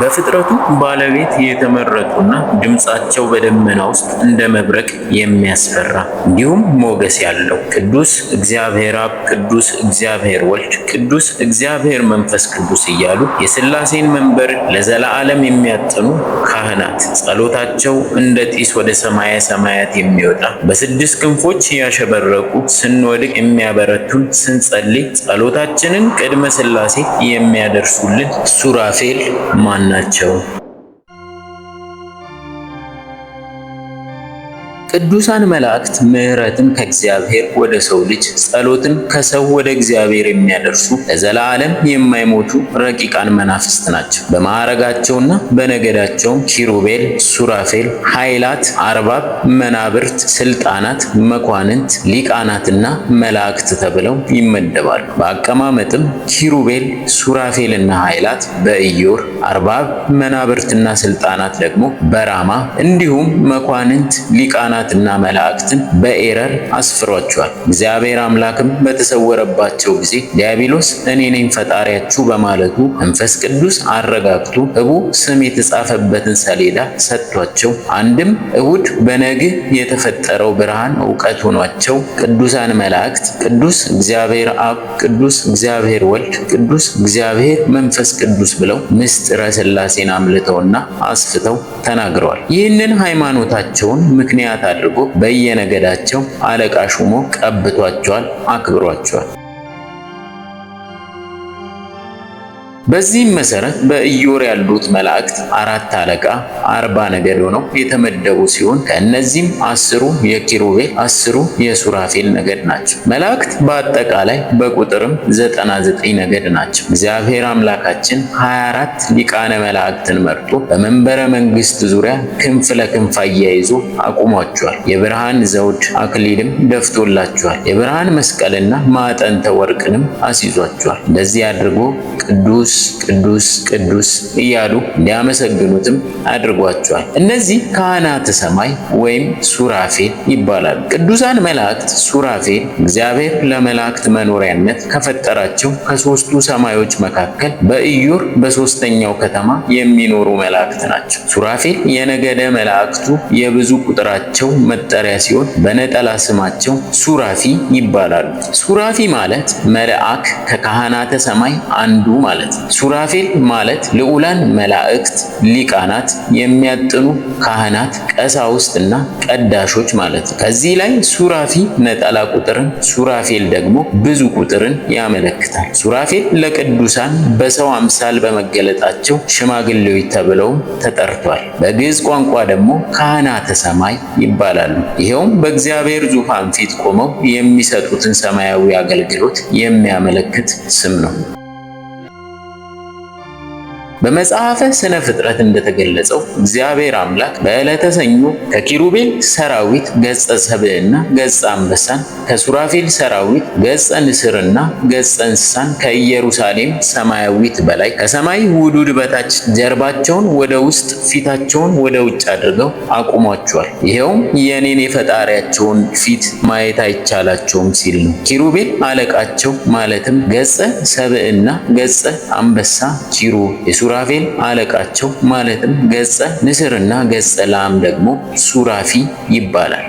በፍጥረቱ ባለቤት የተመረጡና ድምፃቸው በደመና ውስጥ እንደ መብረቅ የሚያስፈራ እንዲሁም ሞገስ ያለው ቅዱስ እግዚአብሔር አብ፣ ቅዱስ እግዚአብሔር ወልድ፣ ቅዱስ እግዚአብሔር መንፈስ ቅዱስ እያሉ የስላሴን መንበር ለዘላዓለም የሚያጥኑ ካህናት ጸሎታቸው እንደ ጢስ ወደ ሰማየ ሰማያት የሚወጣ በስድስት ክንፎች ያሸበረቁ ስንወድቅ የሚያበረቱን ስንጸልይ ጸሎታችንን ቅድመ ስላሴ የሚያደርሱልን ሱራፌል ማን ናቸው። ቅዱሳን መላእክት ምሕረትን ከእግዚአብሔር ወደ ሰው ልጅ ጸሎትን ከሰው ወደ እግዚአብሔር የሚያደርሱ ለዘላለም የማይሞቱ ረቂቃን መናፍስት ናቸው። በማዕረጋቸውና በነገዳቸውም ኪሩቤል፣ ሱራፌል፣ ኃይላት፣ አርባብ፣ መናብርት፣ ስልጣናት፣ መኳንንት፣ ሊቃናትና መላእክት ተብለው ይመደባሉ። በአቀማመጥም ኪሩቤል፣ ሱራፌልና ኃይላት በእዮር አርባብ፣ መናብርትና ስልጣናት ደግሞ በራማ እንዲሁም መኳንንት፣ ሊቃናት ካህናትና መላእክትን በኤረር አስፍሯቸዋል። እግዚአብሔር አምላክም በተሰወረባቸው ጊዜ ዲያብሎስ እኔ ነኝ ፈጣሪያችሁ በማለቱ መንፈስ ቅዱስ አረጋግቶ እቡ ስም የተጻፈበትን ሰሌዳ ሰጥቷቸው አንድም እሁድ በነግህ የተፈጠረው ብርሃን እውቀት ሆኗቸው ቅዱሳን መላእክት ቅዱስ እግዚአብሔር አብ፣ ቅዱስ እግዚአብሔር ወልድ፣ ቅዱስ እግዚአብሔር መንፈስ ቅዱስ ብለው ምስጢረ ስላሴን አምልተውና አስፍተው ተናግረዋል። ይህንን ሃይማኖታቸውን ምክንያት አድርጎ በየነገዳቸው አለቃ ሹሞ ቀብቷቸዋል፣ አክብሯቸዋል። በዚህም መሰረት በኢዮር ያሉት መላእክት አራት አለቃ አርባ ነገድ ሆነው የተመደቡ ሲሆን ከእነዚህም አስሩ የኪሩቤል አስሩ የሱራፌል ነገድ ናቸው። መላእክት በአጠቃላይ በቁጥርም ዘጠና ዘጠኝ ነገድ ናቸው። እግዚአብሔር አምላካችን 24 ሊቃነ መላእክትን መርጦ በመንበረ መንግስት ዙሪያ ክንፍ ለክንፍ አያይዞ አቁሟቸዋል። የብርሃን ዘውድ አክሊልም ደፍቶላቸዋል። የብርሃን መስቀልና ማዕጠንተ ወርቅንም አስይዟቸዋል። እንደዚህ አድርጎ ቅዱስ ቅዱስ ቅዱስ እያሉ እንዲያመሰግኑትም አድርጓቸዋል። እነዚህ ካህናተ ሰማይ ወይም ሱራፌል ይባላሉ። ቅዱሳን መላእክት ሱራፌል እግዚአብሔር ለመላእክት መኖሪያነት ከፈጠራቸው ከሶስቱ ሰማዮች መካከል በኢዮር በሶስተኛው ከተማ የሚኖሩ መላእክት ናቸው። ሱራፌል የነገደ መላእክቱ የብዙ ቁጥራቸው መጠሪያ ሲሆን በነጠላ ስማቸው ሱራፊ ይባላሉ። ሱራፊ ማለት መልአክ ከካህናተ ሰማይ አንዱ ማለት ነው። ሱራፌል ማለት ልዑላን መላእክት፣ ሊቃናት፣ የሚያጥኑ ካህናት፣ ቀሳውስት እና ቀዳሾች ማለት ነው። ከዚህ ላይ ሱራፊ ነጠላ ቁጥርን፣ ሱራፌል ደግሞ ብዙ ቁጥርን ያመለክታል። ሱራፌል ለቅዱሳን በሰው አምሳል በመገለጣቸው ሽማግሌዎች ተብለው ተጠርቷል። በግዕዝ ቋንቋ ደግሞ ካህናተ ሰማይ ይባላሉ። ይኸውም በእግዚአብሔር ዙፋን ፊት ቆመው የሚሰጡትን ሰማያዊ አገልግሎት የሚያመለክት ስም ነው። በመጽሐፈ ስነ ፍጥረት እንደተገለጸው እግዚአብሔር አምላክ በዕለተ ሰኞ ከኪሩቤል ሰራዊት ገጸ ሰብዕና ገጸ አንበሳን፣ ከሱራፌል ሰራዊት ገጸ ንስርና ገጸ እንስሳን ከኢየሩሳሌም ሰማያዊት በላይ ከሰማይ ውዱድ በታች ጀርባቸውን ወደ ውስጥ ፊታቸውን ወደ ውጭ አድርገው አቁሟቸዋል። ይኸውም የኔን የፈጣሪያቸውን ፊት ማየት አይቻላቸውም ሲል ነው። ኪሩቤል አለቃቸው ማለትም ገጸ ሰብዕና ገጸ አንበሳ ኪሩ ሱራፌል አለቃቸው ማለትም ገጸ ንስርና ገጸ ላም ደግሞ ሱራፊ ይባላል።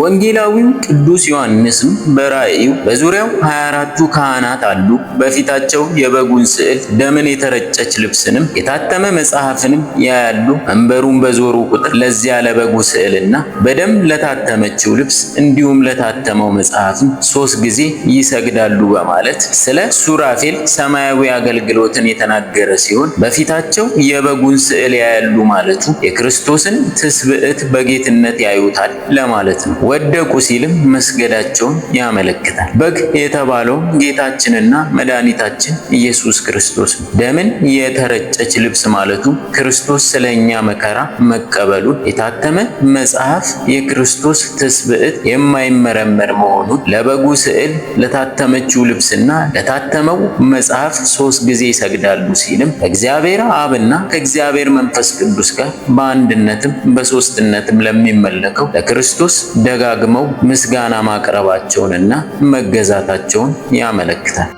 ወንጌላዊው ቅዱስ ዮሐንስም በራእዩ በዙሪያው 24ቱ ካህናት አሉ፣ በፊታቸው የበጉን ስዕል፣ ደምን የተረጨች ልብስንም የታተመ መጽሐፍንም ያያሉ። መንበሩን በዞሩ ቁጥር ለዚያ ለበጉ ስዕልና በደም ለታተመችው ልብስ እንዲሁም ለታተመው መጽሐፍም ሶስት ጊዜ ይሰግዳሉ በማለት ስለ ሱራፌል ሰማያዊ አገልግሎትን የተናገረ ሲሆን በፊታቸው የበጉን ስዕል ያያሉ ማለቱ የክርስቶስን ትስብዕት በጌትነት ያዩታል ለማለት ነው። ወደቁ ሲልም መስገዳቸውን ያመለክታል። በግ የተባለው ጌታችንና መድኃኒታችን ኢየሱስ ክርስቶስ ነው። ደምን የተረጨች ልብስ ማለቱ ክርስቶስ ስለ እኛ መከራ መቀበሉን፣ የታተመ መጽሐፍ የክርስቶስ ትስብዕት የማይመረመር መሆኑን፣ ለበጉ ስዕል ለታተመችው ልብስና ለታተመው መጽሐፍ ሶስት ጊዜ ይሰግዳሉ ሲልም ከእግዚአብሔር አብና ከእግዚአብሔር መንፈስ ቅዱስ ጋር በአንድነትም በሶስትነትም ለሚመለከው ለክርስቶስ ደጋግመው ምስጋና ማቅረባቸውንና መገዛታቸውን ያመለክታል።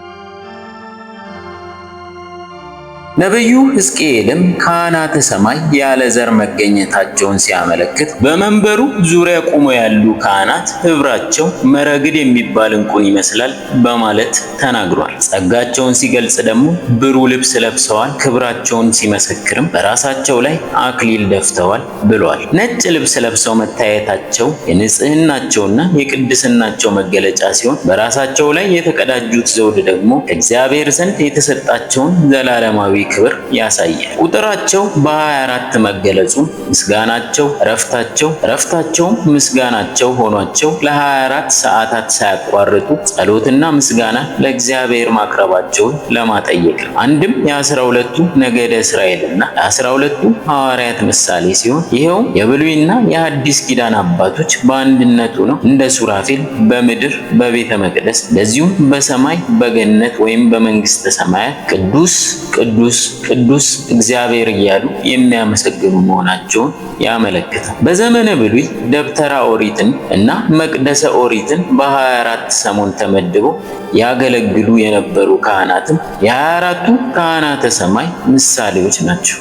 ነቢዩ ሕዝቅኤልም ካህናተ ሰማይ ያለ ዘር መገኘታቸውን ሲያመለክት በመንበሩ ዙሪያ ቆመው ያሉ ካህናት ኅብራቸው መረግድ የሚባል ዕንቁን ይመስላል በማለት ተናግሯል። ጸጋቸውን ሲገልጽ ደግሞ ብሩህ ልብስ ለብሰዋል፣ ክብራቸውን ሲመሰክርም በራሳቸው ላይ አክሊል ደፍተዋል ብሏል። ነጭ ልብስ ለብሰው መታየታቸው የንጽህናቸውና የቅድስናቸው መገለጫ ሲሆን በራሳቸው ላይ የተቀዳጁት ዘውድ ደግሞ ከእግዚአብሔር ዘንድ የተሰጣቸውን ዘላለማዊ ክብር ያሳያል። ቁጥራቸው በ24 መገለጹ ምስጋናቸው፣ እረፍታቸው እረፍታቸውም ምስጋናቸው ሆኗቸው ለ24 ሰዓታት ሳያቋርጡ ጸሎትና ምስጋና ለእግዚአብሔር ማቅረባቸውን ለማጠየቅ ነው። አንድም የአስራ ሁለቱ ነገደ እስራኤልና የአስራ ሁለቱ ሐዋርያት ምሳሌ ሲሆን ይኸውም የብሉይና የአዲስ ኪዳን አባቶች በአንድነቱ ነው። እንደ ሱራፌል በምድር በቤተ መቅደስ እንደዚሁም በሰማይ በገነት ወይም በመንግስተ ሰማያት ቅዱስ ቅዱስ ቅዱስ ቅዱስ እግዚአብሔር እያሉ የሚያመሰግኑ መሆናቸውን ያመለክታል። በዘመነ ብሉይ ደብተራ ኦሪትን እና መቅደሰ ኦሪትን በ24 ሰሞን ተመድበው ያገለግሉ የነበሩ ካህናትም የ24ቱ ካህናተ ሰማይ ምሳሌዎች ናቸው።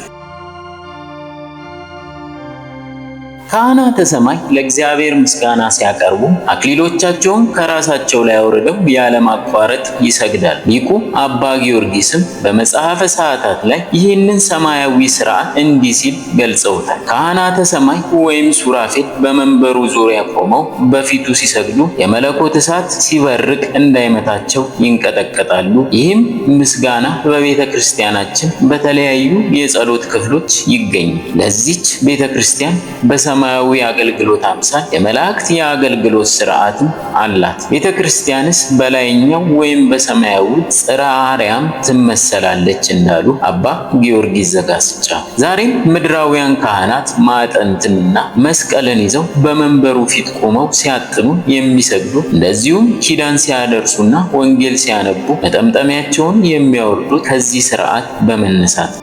ካህናተ ሰማይ ለእግዚአብሔር ምስጋና ሲያቀርቡ አክሊሎቻቸውን ከራሳቸው ላይ አውርደው ያለማቋረጥ ይሰግዳል። ሊቁ አባ ጊዮርጊስም በመጽሐፈ ሰዓታት ላይ ይህንን ሰማያዊ ስርዓት እንዲህ ሲል ገልጸውታል። ካህናተ ሰማይ ወይም ሱራፌል በመንበሩ ዙሪያ ቆመው በፊቱ ሲሰግዱ የመለኮት እሳት ሲበርቅ እንዳይመታቸው ይንቀጠቀጣሉ። ይህም ምስጋና በቤተ ክርስቲያናችን በተለያዩ የጸሎት ክፍሎች ይገኛል። ለዚች ቤተ ክርስቲያን በሰማ የሰማያዊ አገልግሎት አምሳል የመላእክት የአገልግሎት ስርዓትም አላት። ቤተ ክርስቲያንስ በላይኛው ወይም በሰማያዊ ጽርሐ አርያም ትመሰላለች እንዳሉ አባ ጊዮርጊስ ዘጋስጫ። ዛሬም ምድራውያን ካህናት ማዕጠንትንና መስቀልን ይዘው በመንበሩ ፊት ቆመው ሲያጥኑ የሚሰግዱ እንደዚሁም ኪዳን ሲያደርሱና ወንጌል ሲያነቡ መጠምጠሚያቸውን የሚያወርዱት ከዚህ ስርዓት በመነሳት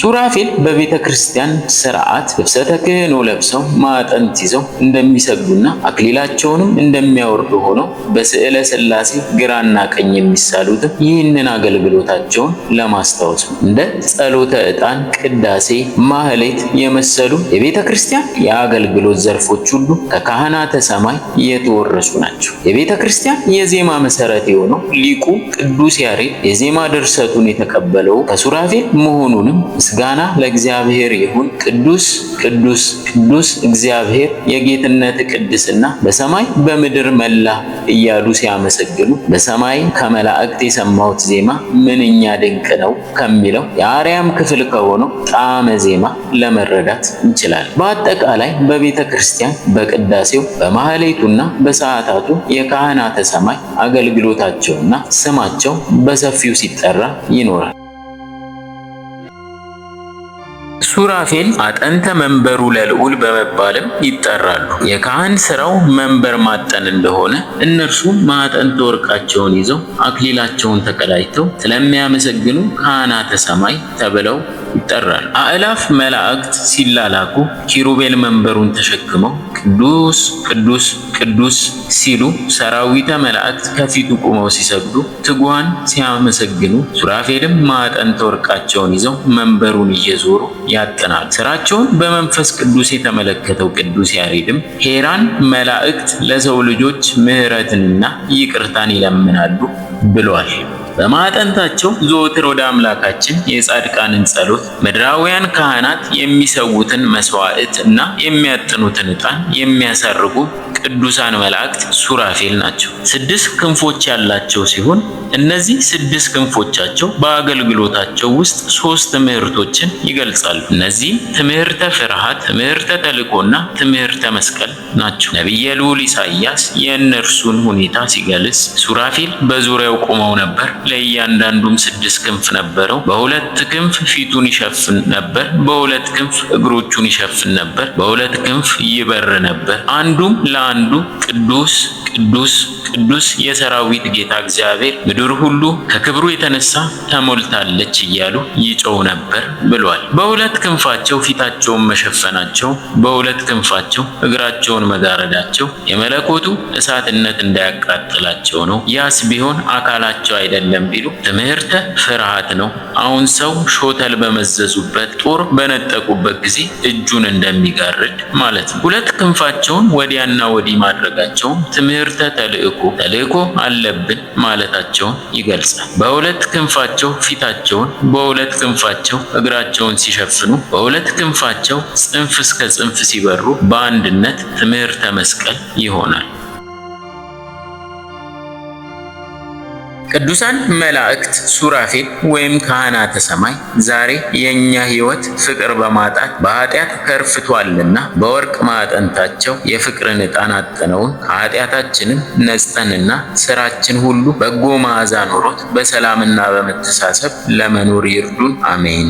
ሱራፌል በቤተ ክርስቲያን ስርዓት ልብሰ ተክህኖ ለብሰው ማጠንት ይዘው እንደሚሰግዱና አክሊላቸውንም እንደሚያወርዱ ሆነው በስዕለ ስላሴ ግራና ቀኝ የሚሳሉትም ይህንን አገልግሎታቸውን ለማስታወስ ነው። እንደ ጸሎተ ዕጣን፣ ቅዳሴ፣ ማህሌት የመሰሉ የቤተ ክርስቲያን የአገልግሎት ዘርፎች ሁሉ ከካህናተ ሰማይ የተወረሱ ናቸው። የቤተ ክርስቲያን የዜማ መሰረት የሆነው ሊቁ ቅዱስ ያሬድ የዜማ ድርሰቱን የተቀበለው ከሱራፌል መሆኑንም ምስጋና ለእግዚአብሔር ይሁን። ቅዱስ ቅዱስ ቅዱስ እግዚአብሔር የጌትነት ቅድስና በሰማይ በምድር መላ እያሉ ሲያመሰግኑ በሰማይ ከመላእክት የሰማሁት ዜማ ምንኛ ድንቅ ነው ከሚለው የአርያም ክፍል ከሆነው ጣዕመ ዜማ ለመረዳት እንችላለን። በአጠቃላይ በቤተ ክርስቲያን በቅዳሴው በማህሌቱና በሰዓታቱ የካህናተ ሰማይ አገልግሎታቸውና ስማቸው በሰፊው ሲጠራ ይኖራል። ሱራፌል አጠንተ መንበሩ ለልዑል በመባልም ይጠራሉ። የካህን ስራው መንበር ማጠን እንደሆነ እነርሱ ማጠንት ወርቃቸውን ይዘው አክሊላቸውን ተቀዳጅተው ስለሚያመሰግኑ ካህናተ ሰማይ ተብለው ይጠራል። አእላፍ መላእክት ሲላላኩ ኪሩቤል መንበሩን ተሸክመው ቅዱስ ቅዱስ ቅዱስ ሲሉ ሰራዊተ መላእክት ከፊቱ ቁመው ሲሰግዱ ትጉሃን ሲያመሰግኑ ሱራፌልም ማዕጠንተ ወርቃቸውን ይዘው መንበሩን እየዞሩ ያጥናሉ። ስራቸውን በመንፈስ ቅዱስ የተመለከተው ቅዱስ ያሬድም ሄራን መላእክት ለሰው ልጆች ምሕረትንና ይቅርታን ይለምናሉ ብሏል። በማጠንታቸው ዘወትር ወደ አምላካችን የጻድቃንን ጸሎት፣ ምድራውያን ካህናት የሚሰዉትን መስዋዕት እና የሚያጥኑትን ዕጣን የሚያሳርጉ ቅዱሳን መላእክት ሱራፌል ናቸው። ስድስት ክንፎች ያላቸው ሲሆን እነዚህ ስድስት ክንፎቻቸው በአገልግሎታቸው ውስጥ ሶስት ትምህርቶችን ይገልጻሉ። እነዚህም ትምህርተ ፍርሃት፣ ትምህርተ ተልእኮና ትምህርተ መስቀል ናቸው። ነቢየ ልዑል ኢሳይያስ የእነርሱን ሁኔታ ሲገልጽ ሱራፌል በዙሪያው ቆመው ነበር ለእያንዳንዱም ስድስት ክንፍ ነበረው። በሁለት ክንፍ ፊቱን ይሸፍን ነበር፣ በሁለት ክንፍ እግሮቹን ይሸፍን ነበር፣ በሁለት ክንፍ ይበር ነበር። አንዱም ለአንዱ ቅዱስ ቅዱስ ቅዱስ የሰራዊት ጌታ እግዚአብሔር ምድር ሁሉ ከክብሩ የተነሳ ተሞልታለች እያሉ ይጮው ነበር ብሏል። በሁለት ክንፋቸው ፊታቸውን መሸፈናቸው፣ በሁለት ክንፋቸው እግራቸውን መጋረዳቸው የመለኮቱ እሳትነት እንዳያቃጥላቸው ነው። ያስ ቢሆን አካላቸው አይደለም ቢሉ ትምህርተ ፍርሃት ነው። አሁን ሰው ሾተል በመዘዙበት ጦር በነጠቁበት ጊዜ እጁን እንደሚጋርድ ማለት ነው። ሁለት ክንፋቸውን ወዲያና ወዲህ ማድረጋቸውም ትምህርት ትምህርተ ተልእኮ ተልእኮ አለብን ማለታቸውን ይገልጻል። በሁለት ክንፋቸው ፊታቸውን፣ በሁለት ክንፋቸው እግራቸውን ሲሸፍኑ፣ በሁለት ክንፋቸው ጽንፍ እስከ ጽንፍ ሲበሩ በአንድነት ትምህርተ መስቀል ይሆናል። ቅዱሳን መላእክት፣ ሱራፌል ወይም ካህናተ ሰማይ ዛሬ የእኛ ሕይወት ፍቅር በማጣት በኃጢአት ከርፍቷልና በወርቅ ማዕጠንታቸው የፍቅርን ዕጣን አጠነውን ነጽጠንና ስራችን ሁሉ በጎ መዓዛ ኖሮት በሰላምና በመተሳሰብ ለመኖር ይርዱን። አሜን።